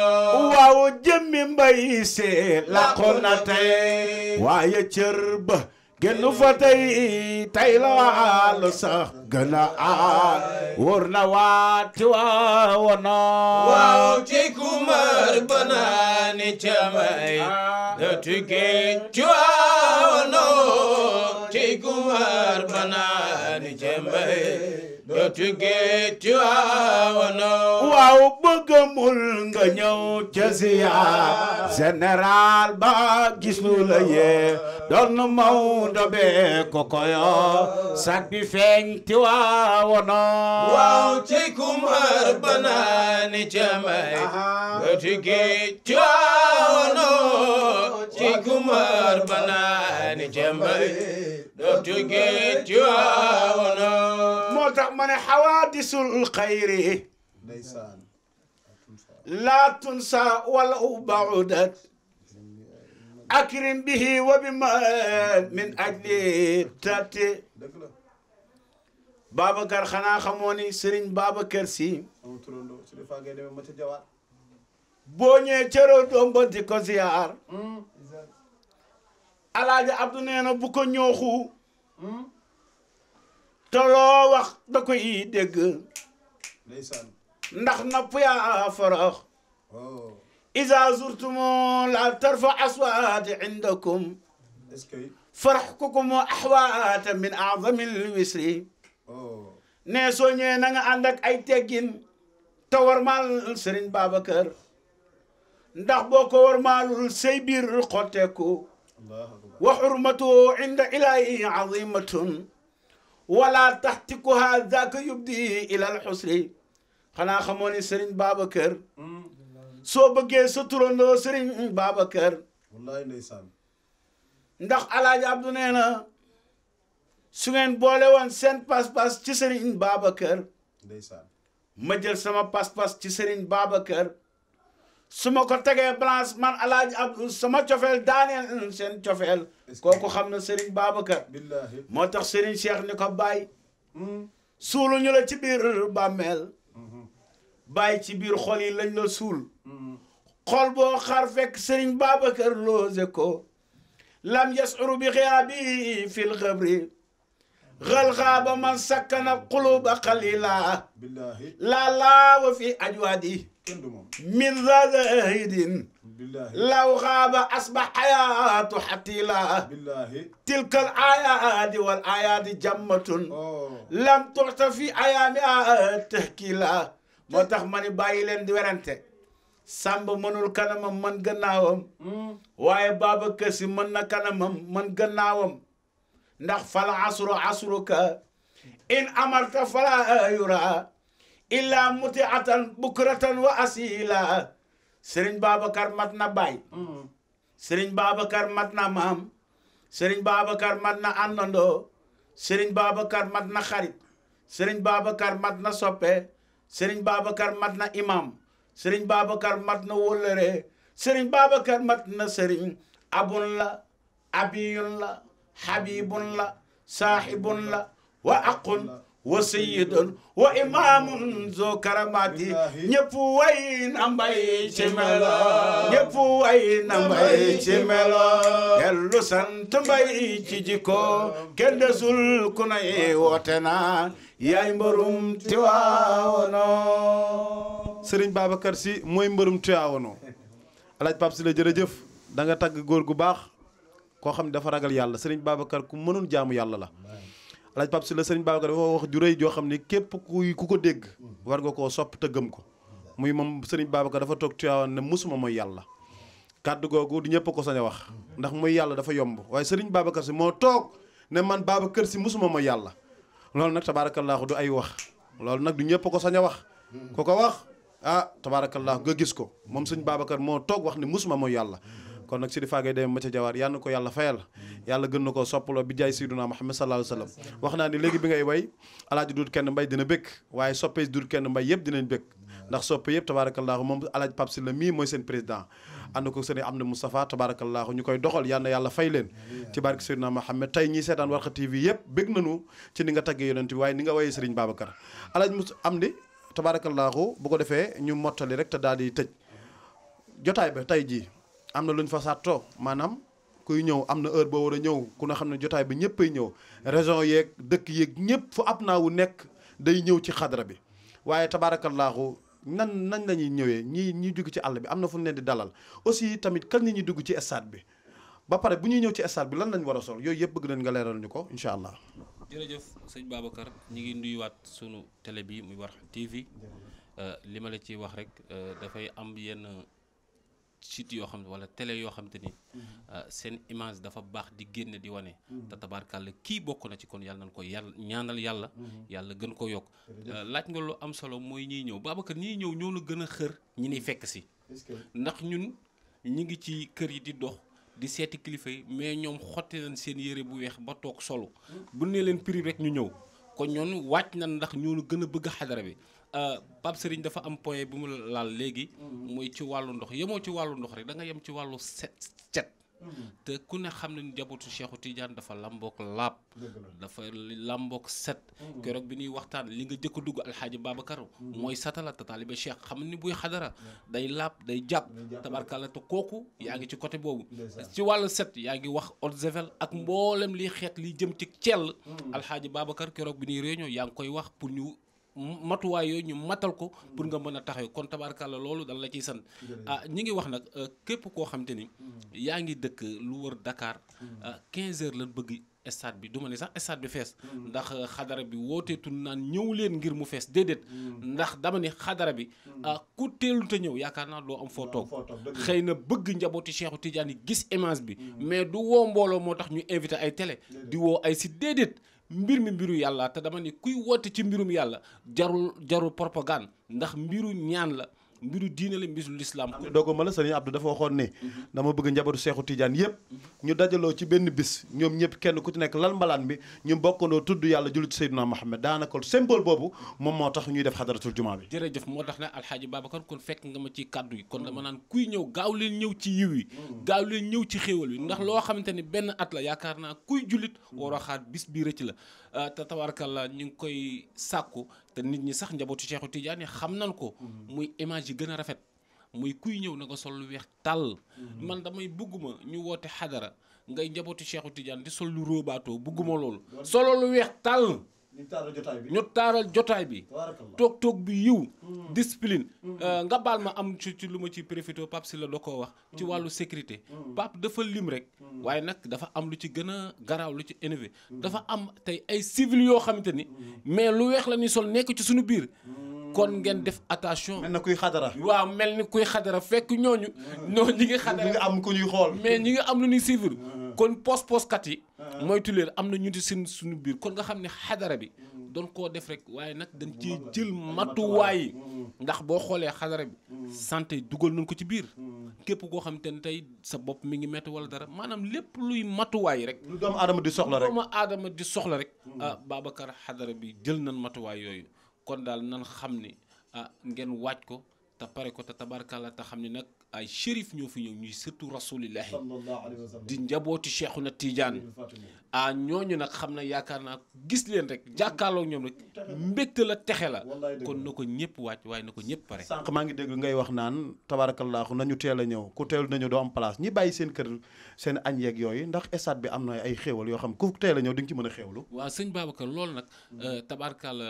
waaw jëmmi mbay see laqo na tey waaye cër ba genn fa tey tey la sax gën a aar wóor na waati waawoon na. waaw ci kumar banaani camay da tukkee ci waawoon na ci kumar banaani. jóge Tiwaawan waaw bëgga mul nga ñëw ca ziyaar ba gis nu la yee doon Maodo bee ko koyo sag bi feeñ Tiwaawan waaw ci kumar banaani ca may nga jóge Tiwaawan عمر بنان جنبي لو تجيت يوانا موتاك من حوادث الخير لا تنسى ولو بعدت أكرم به وبما من أجل تاتي بابا كر خموني سرين بابا كرسي بوني ترو دومبو دي كوزيار alaaji abdu nee na bu ko ñooxu te loo wax da koy dégg ndax napp yaa farax إذا زرتم لا ترفع أصوات عندكم فرحكم أحوات من أعظم الوسر نيسو نينا عندك أي تجين تورمال سرين بابكر ndax boko war malul sey bir xoteku allah wa xurmatuhu inda ilaahi azimatun wala taxtikuha zaaka yubdi ila alxusri xanaa xamoo ni sëriñ Babacar soo bëggee sa turandoo sëriñ Babacar wallaay ndeysaan ndax alaaji Abdu na su ngeen boole woon seen pas-pas ci sëriñ Babacar ndeysaan ma jël sama pas ci sëriñ Babacar suma ko tege balance man alaj abdou sama tiofel daniel sen tiofel koku xamna Serigne babakar billahi motax Serigne Cheikh niko bay sulu ñu la ci bir bamel bay ci bir xol yi lañ la sul xol bo xar fek Serigne babakar loze ko lam yasuru bi xiyaabi fil xabri غل غاب من سكن قلوب قليلا لا لا وفي أجوادي من ذاهد لو غاب أصبح حياته حتيلة تلك الآيات والآيات جمة لم تعط في أيامها تهكيلة ما تخمني بايلن دورنت سامب من الكلام من جناهم واي باب كسي من كلام من جناهم نخفل عصر عصرك إن أمرت فلا يراه إلا متعة بكرة وأسيلة سرين بابا كرمتنا باي سرين بابا كرمتنا مام سرين بابا كرمتنا أنندو سرين بابا كرمتنا خريب سرين بابا كرمتنا سوبة سرين بابا كرمتنا إمام سرين بابا كرمتنا وولري سرين بابا كرمتنا سرين أبون لا أبي لا حبيب لا صاحب لا وأقل wa sayyidun wa imaamun zo karamati ñëpp way na mbay ci melo ñëpp way sant mbay ci jikko kenn desul ku nay woote na yaay mbërum Tiwaawono Sëriñ Babacar Sy mooy mbërum Tiwaawono alaaj Pape Sylla jërëjëf da nga tagg góor gu baax koo xam ne dafa ragal yàlla Sëriñ Babacar ku mënoon jaamu yàlla la alaaj Pape Sylla Serigne Babacar dafa wax ju rëy joo xam ne képp kuy ku ko dégg war nga koo sopp te gëm ko muy moom Serigne Babacar dafa toog Tiwaawan ne musuma mooy yàlla kàdd googu du ñëpp ko sañ wax ndax mooy yàlla dafa yomb waaye Serigne Babacar si moo toog ne man Babacar si musuma mooy yàlla loolu nag tabaarakallaahu du ay wax loolu nag du ñëpp ko sañ a wax ku ko wax ah tabaarakallaahu nga gis ko moom sëñ baabakar moo toog wax ne musuma mooy yàlla kon nag Sidi Faagay dem ma ca jawaar yàlla gën na koo soppaloo bi jaay Seydunaa Muhammad sallallaahu alayhi wa sallam wax naa ni léegi bi ngay way alaaji duut kenn mbay dina bëgg waaye soppe duut kenn mbay yëpp dinañ bëgg ndax soppe yëpp tabaarakallaahu moom alaaji Pape Sylla mii ko sëriñ Amdi Moustapha tabaarakallaahu ñu koy doxal yal na yàlla fay leen ci barke Seydunaa Muhammad tey ñiy seetaan Warkha TV yëpp bëgg nañu ci ni nga taggee yonent bi waaye ni nga wayee sëriñ Babacar alaaji Moussa Amdi ko defee ñu mottali rek te daal di tëj jotaay ba tey jii am na lu ñu fa sàttoo maanaam kuy ñëw am na heure boo war a ñëw ku ne xam ne jotaay bi ñëppay ñëw région yeeg dëkk yeeg ñëpp fu ab naa wu nekk day ñëw ci xadra bi waaye tabaarakallaahu nan nañ la ñuy ñëwee ñii ñuy dugg ci àll bi am na fu ñu leen di dalal aussi tamit kan la ñuy dugg ci stade bi ba pare bu ñuy ñëw ci stade bi lan lañ war a sol yooyu yëpp bëgg nañ nga leeral ñu ko incha allah. jërëjëf sëñ Babacar ñu ngi nuyuwaat sunu télé bi muy Warkha TV euh, li ma la ci wax rek euh, dafay am yenn. site yoo xam wala tele yoo xam te ni euh, seen image dafa baax di génn di wane mm-hmm. te tabaarkàlla kii bokk na ci kon yàlla nañ ko yàlla ñaanal yàlla mm-hmm. yàlla gën ko yokk euh, laaj nga lu am solo mooy ñiy ñëw Babacar ñiy ñëw ñoo la gën a xër ñi ni fekk si ndax ñun ñi ngi ci kër yi di dox di seeti kilifa yi mais ñoom xotti nañ seen yére bu weex ba toog solo mm-hmm. bu ne leen prix ñu ñëw kon ñoon wàcc nañ ndax ñoo gën a bëgg xadara bi Euh, Pape Serigne dafa am point bi mu laal léegi. muy ci wàllu ndox yemoo ci wàllu ndox rek da nga yem ci wàllu set set. te ku ne xam ne ni jabootu Cheikhu Tidiane dafa làmbook laab dafa làmbook set mm-hmm. keroog bi nuy waxtaan li nga jëkk dugg alxaaji Babacar mm-hmm. mooy satala te taalibe Cheikh xam ni buy xadara day laab day jàpp tabarkalla te kooku yaa ngi ci côté boobu ci wàllu set yaa ngi wax eau de ak mboolem liy xeet liy jëm ci cell mm-hmm. alxaaji Babacar keroog bi ñuy yaa ngi matuwaay yooyu ñu matal ko pour nga mën a taxaw kon tabaarkàlla loolu dana la ciy sant ah ñi ngi wax nag euh, képp koo xam ni yaa ngi dëkk lu wër dakaar 15 hmm. ah, heures lan bëgg stade bi du ma ne sax stade bi fees hmm. ndax euh, xadara bi wooteetul naan ñëw leen ngir mu fees déedéet hmm. ndax dama ne xadara bi ah, ku teelut a ñëw yaakaar naa doo am foo toog xëy na bëgg njabooti Cheikhu Tidiane yi gis image bi mais du woo mbooloo moo tax ñu invité ay télé di woo ay si déedéet mbir mi mbiru yàlla te dama ni kuy woote ci mbirum yàlla jarul jarul propagande ndax mbiru ñaan la mbiru diine la mbiru lislaam ko doo ko ma la sëriñ Abdou dafa waxoon ni dama bëgg njabootu Seexu Tijaan yëpp ñu dajaloo ci benn bis ñoom ñëpp kenn ku ci nekk lal mbalaan bi ñu bokkandoo tudd yàlla jullit ci Seydina Muhammad daanaka symbole boobu moom moo tax ñuy def xadaratul jumaa bi jërëjëf moo tax ne alxaaji Babacar kon fekk nga ma ci kàddu yi kon dama naan kuy ñëw gaaw leen ñëw ci yiw yi gaaw leen ñëw ci xéewal yi ndax loo xamante ni benn at la yaakaar naa kuy jullit waroo xaar bis bi rëcc la Euh, te tabarkalla ñu ngi koy sàkku te nit ñi sax njabootu Cheikhu yi xam nan ko mm-hmm. muy image yi gën a rafet muy kuy ñëw na nga sol lu weex tàll mm-hmm. man damay bëgguma ñu woote xadara ngay njabootu Cheikhu Tidiane di sol lu róobaatoo bëgguma loolu mm-hmm. solo lu weex tàll ñu taaral jotaay bi ñu taaral jotaay bi. toog toog bi yiw. Mm. discipline. Mm. Euh, nga baal ma am ci ci lu ma ci profité Pape si la da koo wax. ci mm. wàllu sécurité. Pape dafa lim rek. waaye nag dafa am lu ci gën a garaaw lu ci énervé. dafa am tey ay civil yoo xamante ni. mais lu weex la ñuy sol nekk ci suñu biir. kon ngeen def attention. mel na kuy xadara. waaw mel ni kuy xadara fekk ñooñu. ñoo ñi ngi xadara ñu ngi am ku ñuy xool. mais ñi ngi am lu ñuy suivre. kon pos poskat yi. moytu leen am na ñu di seen suñu biir kon nga xam ne xadara bi doon koo def rek waaye nag dañ ci jël matuwaay mm. ndax boo xoolee xadara bi mm. santé dugal nañ ko ci biir mm. képp koo xam te ne tey sa bopp mi ngi métti wala dara maanaam lépp luy matuwaay rek lu doomu aadama di soxla rek doomu aadama di soxla rek ah Babacar xadara bi jël nañ matuwaay yooyu kon daal nan xam ni ah, ngeen waaj ko te pare ko te tabarkalla te xam ni nag ay shérif ñoo fi ñëw ñuy surtout rasulillahi di njabooti Cheikhuna Tidiane ah ñooñu nag xam na yaakaar naa gis leen rek jàkkaarloo ñoom rek mbégte la texe la kon na ko ñëpp wàcc waaye na ko ñëpp pare sànq maa ngi dégg ngay wax naan tabaarakallaahu nañu teel a ñëw ku teel nañu doo am place ñi bàyyi seen kër seen añ yeeg yooyu ndax stade bi am na ay xéewal yoo xam ku teel a ñëw di nga ci mën a xéewlu waaw sëñ Babacar loolu nag mm. euh, tabaarakalla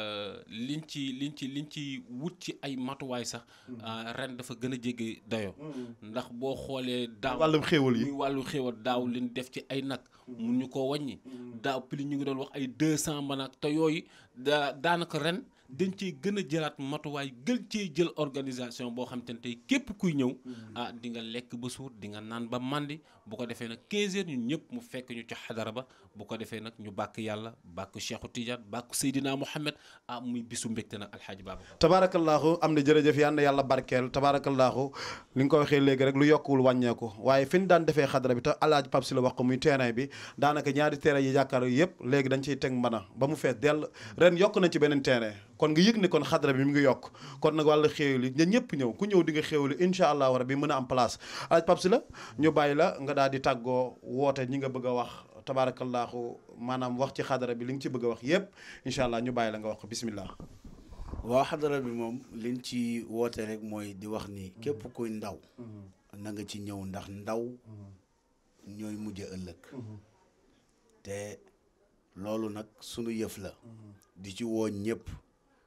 liñ ci liñ ci liñ ci wut ci ay matuwaay sax mm. euh, ren dafa gën a jéggi dayo mm. ndax boo xoolee daaw wàllum xéewal yi muy wàllu xéewal daaw li def ci ay nag mu ñu ko waññi daaw pli ñu ngi doon wax ay deux cent mbanak te yooyu daa daanaka ren dañ ciy gën a jëlaat matuwaay gël ciy jël organisation boo xam te ne tey képp kuy ñëw mm-hmm. ah di nga lekk ba suur di nga naan ba màndi bu ko defee nag 15 heures ñun ñëpp mu fekk ñu ci xadara ba bu ko defee nag ñu bàkk yàlla bàkk Cheikhu Tidiane bàkk Seydina Mouhamed ah muy bisu mbégte nag alxaaji Baaba tabaarakallaahu am na jërëjëf yàlla na yàlla barkeel tabaarakallaahu li nga ko waxee léegi rek lu yokkuwul wàññeeku waaye fi ñu daan defee xadara bi te alaaji Pape la wax ko muy terrain bi daanaka ñaari terrain yi yaakaar yëpp léegi dañ ciy teg mbana ba mu fees dell ren yokk nañ ci beneen terrain kon nga yëg ne kon xadara bi mu ngi yokk kon nag wàllu xéewal yi ña ñëpp ñëw ku ñëw di nga xéewal incha allah rabbi mën a am place alaaji Pape si la ñu bàyyi la nga daal di tàggoo woote ñi nga bëgg a wax tabaarakallaahu maanaam wax ci xadara bi li nga ci bëgg a wax yëpp incha allah ñu bàyyi la nga wax ko bismillah waa xadara bi moom liñ ci woote rek mooy di wax ni képp kuy ndaw nanga ci ñëw ndax ndaw ñooy mujj ëllëg te loolu nag sunu yëf la di ci woo ñëpp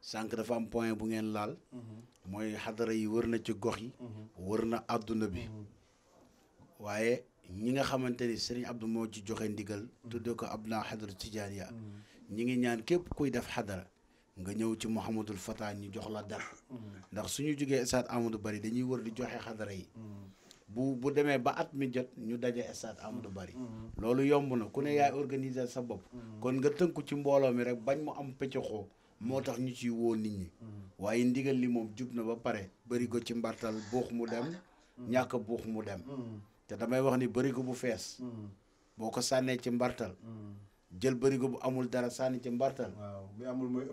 sànq dafa am point bu ngeen laal mooy xadara yi wër na ci gox yi wër na àdduna bi waaye ñi nga xamante ni sëriñ Abdou moo ci joxe ndigal tudde ko ab naa ci tijaaniya ñi ngi ñaan képp kuy def xadara nga ñëw ci Mouhamadul Fata ñu jox la dara. ndax suñu jógee stade Amadou Bari dañuy wër di joxe xadara yi. bu bu demee ba at mi jot ñu daje stade Amadou Bari. loolu yomb na ku ne yaay organiser sa bopp. kon nga tënku ci mbooloo mi rek bañ mu am pëccëxoo moo tax ñu ciy woo nit ñi. waaye ndigal li moom jub na ba pare. bëri ko ci mbartal buux mu dem. ñàkk buux mu dem. te damay wax ni bëri ko bu fees. boo ko sànnee ci mbartal. jël bërigo bu amul dara sànni ci mbartal. waaw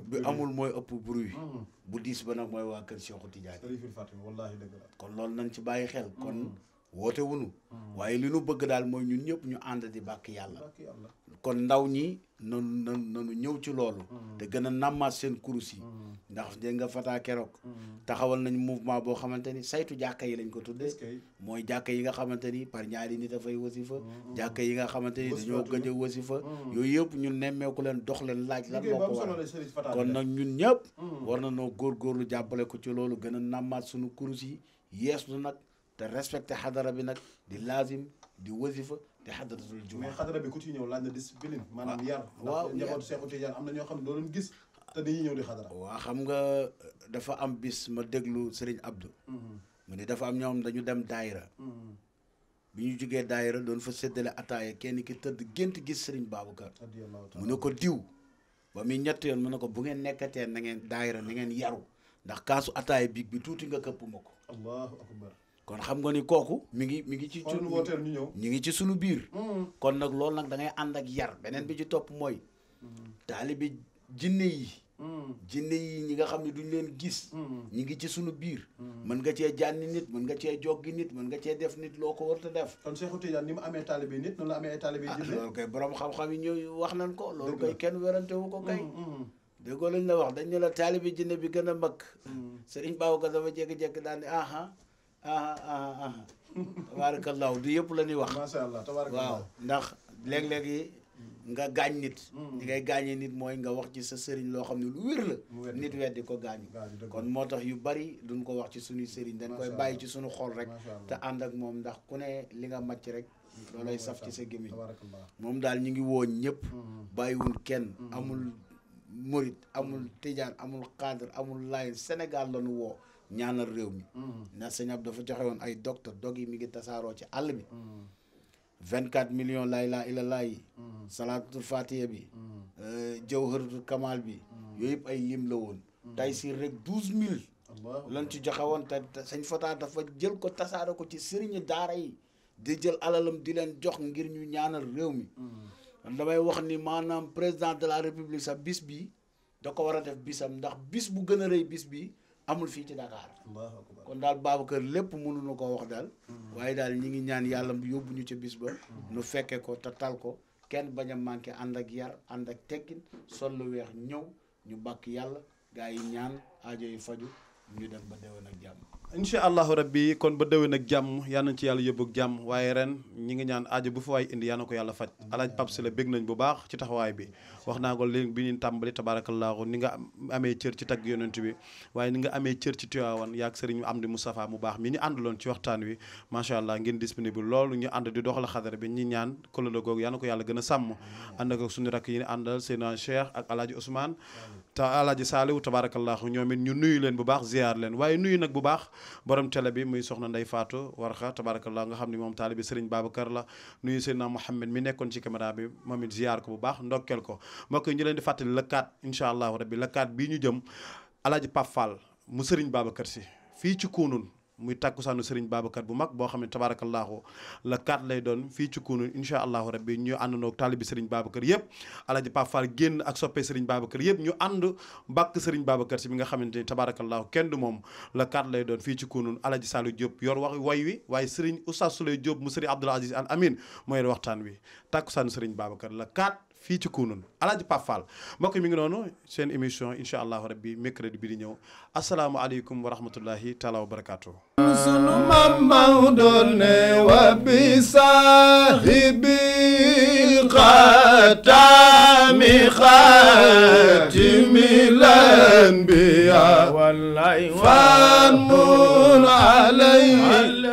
bi amul mooy ëpp. bi ëpp bruit. Hmm. bu diis ba nag mooy waa kër Cheikhou Tidiane. kon loolu nañ ci bàyyi xel kon. Hmm. woote wunu mm. waaye li nu bëgg daal mooy ñun ñëpp ñu ànd di bàkk yàlla kon ndaw ñi nanu nan nanu ñëw ci loolu mm. te gën a nàmmaat seen kurus yi mm. ndax dégg nga fataa keroog taxawal nañ mouvement boo xamante ni saytu jàkka yi lañ ko tuddee mooy jàkka yi nga xamante ni par ñaari nit dafay wasifa jàkka yi nga xamante ni dañoo gëj a wasifa yooyu yëpp ñun nemmeeku leen dox leen laaj lan moo ko waral kon nag ñun ñëpp war na noo góorgóorlu jàppale ko ci loolu gën a nàmmaat suñu the xadara bi nag di lazim di wasifa di xadara dul juma mais xadara bi ku ci ñëw laaj na discipline maanaam yar waaw njabootu Seexu Tijaan am na ñoo xam ne doo leen gis te dañuy ñëw di xadara waaw xam nga dafa am bis ma déglu Serigne Abdou mu ne dafa am ñoom dañu dem daayira bi ñu jógee daayira doon fa séddale ataaya kenn ki tëdd gént gis Serigne Babacar mu ko diw ba muy ñett yoon mu ko bu ngeen nekkatee na ngeen daayira na ngeen yaru ndax kaasu ataaya biig bi tuuti nga këpp ma allahu akbar kon xam nga ni kooku. mi ngi mi ngi ci sunu wooteel ñu ñëw. ñu ngi ci sunu biir. Mm-hmm. kon nag loolu nag da ngay ànd ak yar beneen bi ci topp mooy. Mm-hmm. taalibe jinne yi. Mm-hmm. jinne yi ñi nga xam ni duñ leen gis. ñi ngi ci sunu biir. mën nga cee jànni nit mën nga cee joggi nit mën nga cee def nit loo ko warta def. kon Seexu Tijaan ni mu amee taalibe nit noonu la amee ay taalibe ah, jinne. loolu xam yi ñëw wax nañ ko. loolu kenn werante ko kay. déggoo lañ la wax dañ ne la taalibe jinne bi gën a mag. Sëriñ Babacar dafa jékki-jékki daal ne aha ah ah du yëpp la ñuy wax. macha allah waaw ndax léeg-léeg yi nga gaañ nit. Mm-hmm. li ngay nit mooy nga wax ci sa sëriñ loo xam ne lu wér la. nit weddi ko gaañu. kon moo tax yu bari duñ ko wax ci suñuy sëriñ dañ koy bàyyi ci suñu xol rek. te ànd ak moom ndax ku ne li nga ci rek. loolay saf ci sa gémmiñ moom daal ñu ngi woo ñëpp. Mm-hmm. bàyyiwul kenn mm-hmm. amul murit amul tijaan amul kadr amul laay Sénégal la ñu woo. ñaanal réew mi. Mm. na sëñ dafa joxewoon ay docteur dog yi mi ngi tasaaroo ci àll bi. 24 mm. millions laa ilaaha illallaah yi. Mm. salaatul fatiha bi. Euh, jawharatul kamal bi. yooyu yëpp ay lim la woon. tay si rek 12000. lan ci joxe woon te sëñ Fata dafa jël ko tasaare ko ci sëriñu daara yi. di jël alalam di leen jox ngir ñu ñaanal réew mi. damay wax ni maanaam président de la république sa bis bi da ko war a def bisam ndax bis bu gën a rëy bis bi amul fii ci Dakar kon daal kër lépp mënuñu ko wax daal mm-hmm. waaye daal ñi ngi ñaan yàlla yóbbu ñu ci bis ba mm-hmm. nu fekke ko te tal ko kenn bañ a manqué ànd ak yar ànd ak teggin sol lu weex ñëw ñu bàkk yàlla gaa yi ñaan aajo yi faju ñu dem ba déwén ak jàmm incha allahu rabbi kon ba déwén ak jàmm yal nañ ci yàlla yóbbu ak jàmm waaye ren ñi ngi ñaan aajo bu fa waay indi yal na ko yàlla faj alaaj Pape Sylla bég nañ bu baax ci taxawaay bi wax naa ko léegi bi ñu tàmbali tabaarakallaahu ni nga amee cër ci tagg yonent bi waaye ni nga amee cër ci Tiwaawan yaag sëriñ Amdi Moustapha mu baax mi ñu àndaloon ci waxtaan wi macha allah ngeen disponible lool ñu ànd di doxal xadara bi ñi ñaan kolëla googu yal na ko yàlla gën a sàmm ànd ak suñu rakk yi àndal a Cheikh ak alaaji Ousmane te alaaji saaliwu tabaarakallaahu ñoom ñu nuyu leen bu baax ziar leen waye nuyu nak bu baax borom télé bi muy soxna nday Faatu Warxa tabarakallah nga xamni mom moom serigne babakar la nuyu serigne Mouhamed mi nekkon ci caméra bi momit ziar ko bu baax ndokkel ko mbokk ñu leen di fatali le 4 inshallah rabbi le 4 bi ñu jëm alaaji pafal mu serigne babakar si fi ci Kounoune muy tàkkusaanu Serigne Babacar bu mag boo xam ne tabaarakallaahu la kaat lay doon fii ci Kunu incha allahu rabbi ñu àndandoo taalibi Serigne Babacar yëpp alaji Pape Fall génn ak soppe Serigne Babacar yëpp ñu ànd bàkk Serigne Babacar si bi nga xamante ni tabaarakallaahu kenn du moom la kaat lay doon fii ci Kunu alaji Saliou Diop yor wax way wi waaye Serigne Oustaz Souley Diop mu Serigne Abdoul Aziz Al Amin mooy waxtaan wi tàkkusaanu Serigne Babacar la kaat fii ci Kounoune Alaaji Pape Fall mbokk mi ngi noonu seen émission incha allah rabbi mercredi bi di ñëw asalaamualeykum wa rahmatullahi taala wa barakaatu. sunu maam Maodo ne wa bi saahibi xaatami xaatimi lanbiya fan mun alayhi